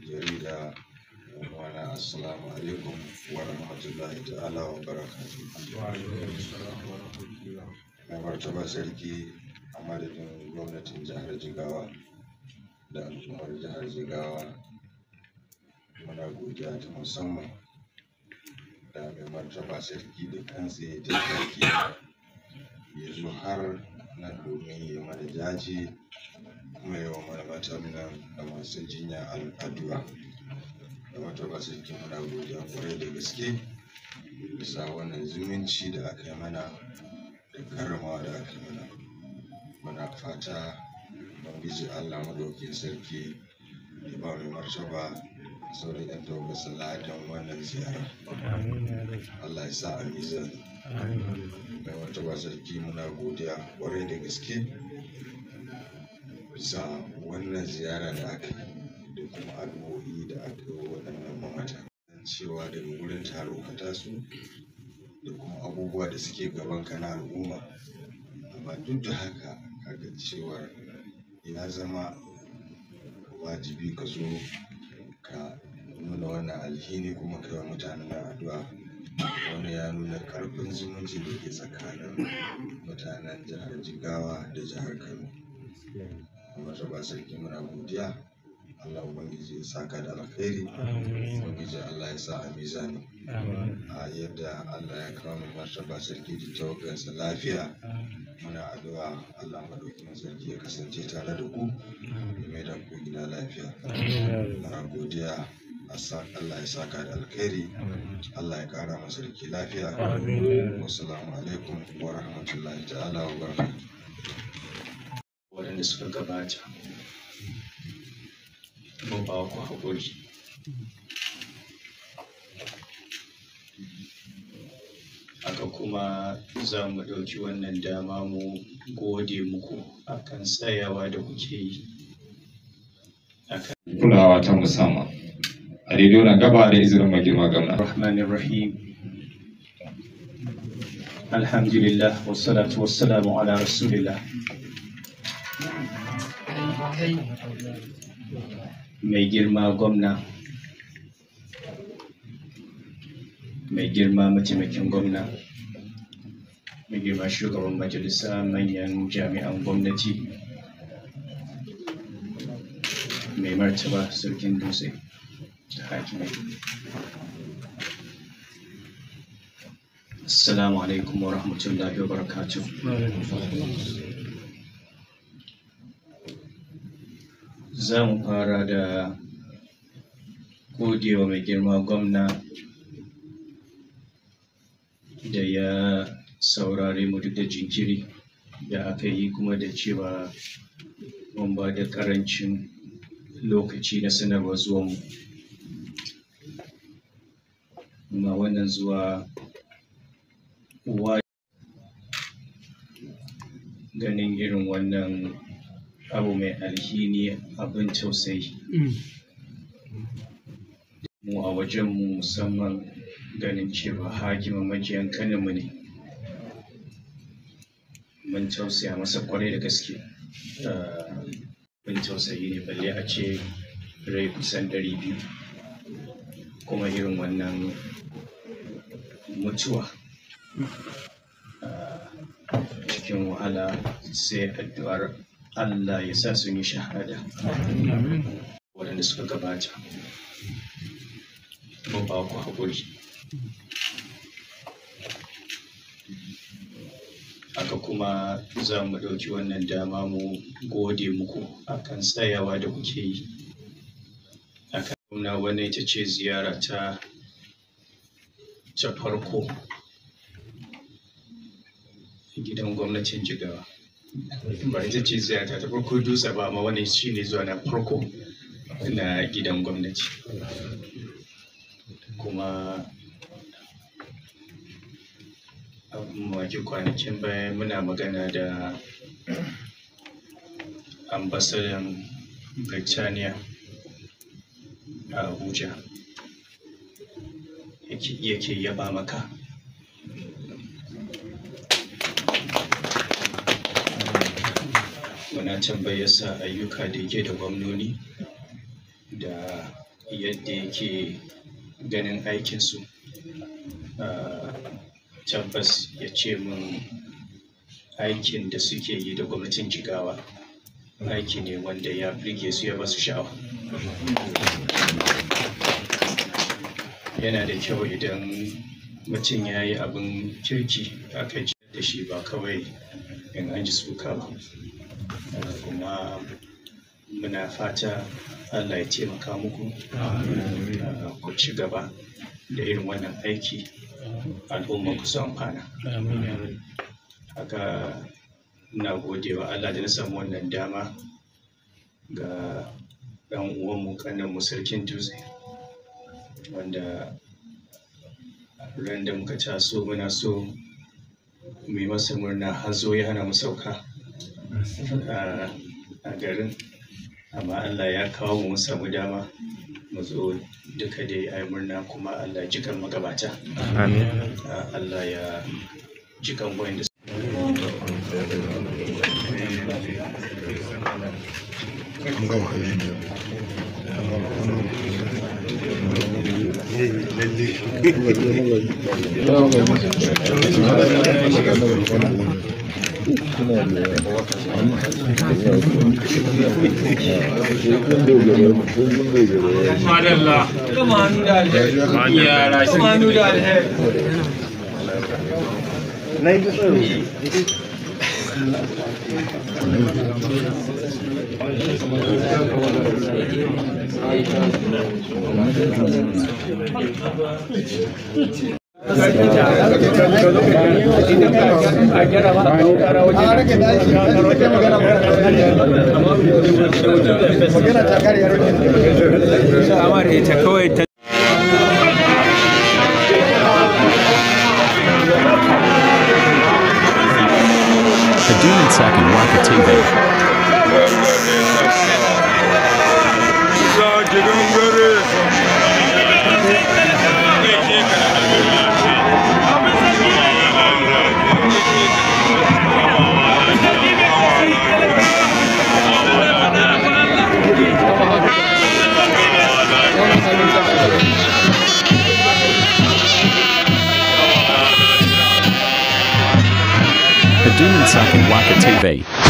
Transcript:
jarida wala salamu alaikum wa rahmatullahi ta'ala wa barakatuhu na martaba sarki a madadin gwamnatin jihar jigawa da al'ummar jihar jigawa muna godiya ta musamman da mai martaba sarki da kansa ya tattaki ya zo har na domin ya mana jaje kuma yi malamata nuna da masu jinya addu'a da matuƙa sarki muna godiya kwarai da gaske bisa wannan zumunci da aka yi mana da karramawa da aka yi mana muna fata ubangiji allah madaukin sarki ya ba mai martaba sauri yan tawagar salatin wannan ziyara allah ya sa a mizan mai martaba sarki muna godiya kwarai da gaske bisa wannan ziyara da aka yi da kuma addu'o'i da aka yi wa waɗannan mamata cewa daga wurin taro ka taso da kuma abubuwa da suke gabanka na al'umma amma duk da haka kaga cewa ya zama wajibi ka zo ka nuna wannan alhini kuma kai mutanen nan addu'a wani ya nuna ƙarfin zumunci da ke tsakanin mutanen jihar Jigawa da jihar Kano. ba sarki muna godiya Allah Ubangiji ya saka da alkhairi Ubangiji Allah ya sa a a yadda Allah ya kawo mu ba sarki da tawagansa lafiya muna addu'a Allah madaukakin sarki ya kasance tare da ku mai da ku gida lafiya muna godiya Allah ya saka da alkhairi Allah ya kara masa sarki lafiya wassalamu alaikum wa rahmatullahi ta'ala wa barakatuh waɗanda suka gabata mun ba ku haƙuri haka kuma za mu ɗauki wannan dama mu gode muku akan tsayawa da kuke yi kulawa ta musamman a rediyo na gaba da izinin mai girma gamna Rahmanin rahim Alhamdulillah, wasu salatu wasu salamu ala Rasulillah. mai girma gwamna mai girma mataimakin gwamna mai girma shugaban majalisa manyan jami'an gwamnati mai martaba sarkin dutse da hakimai assalamu alaikum wa rahmatullahi wa barakatuh za mu fara da godewa mai girma gwamna da ya saurare mu duk da jinkiri da aka yi kuma da cewa mun ba da ƙarancin lokaci na sanarwar mu amma wannan zuwa ganin irin wannan abu mai alhini abin tausayi mm. mu a wajen mu musamman ganin cewa hakima majiyan mu ne mun tausaya masa kwarai da gaske mun ah, tausayi ne balle a ce rai kusan ɗari biyu kuma irin wannan mutuwa ah, cikin wahala sai addu'ar Allah ya sa sun yi shahada waɗanda suka gabata mun ba ku haƙuri haka kuma za mu ɗauki wannan dama mu gode muku akan tsayawa da kuke yi akan nuna wannan ita ce ziyara ta ta farko gidan gwamnatin jigawa bari ta ce ziyarta ta farko dutse ba amma wani shi ne zuwa na farko na gidan gwamnati kuma mawaki kwanakin baya muna magana da ambasadan birtaniya a abuja yake yaba maka tambayar sa ayyuka da yake da gwamnoni da yadda yake ganin aikinsu ah, tabbas ya ce mun aikin da suke yi da gwamnatin jigawa aiki ne wanda ya birge su ya basu sha'awa yana da kyau idan mutum ya yi abin kirki aka ji da shi ba kawai in an ji suka ba kuma muna fata allah ya taimaka muku ku ci gaba da irin wannan aiki al'umma ku su amfana haka ina godewa allah da na samu wannan dama ga ɗan uwanmu kanin sarkin dutse wanda ran muka taso muna so mu masa murna har zo ya hana mu sauka a garin amma Allah ya kawo mu samu dama mu zo duka dai a murna kuma Allah jikan magabata Allah ya jikan wanda Thank you. سبحان الله كمان مدال يا راشد كمان مدال ہے نہیں تو Amare ta need ta Kaduna Sakin TV. Market TV.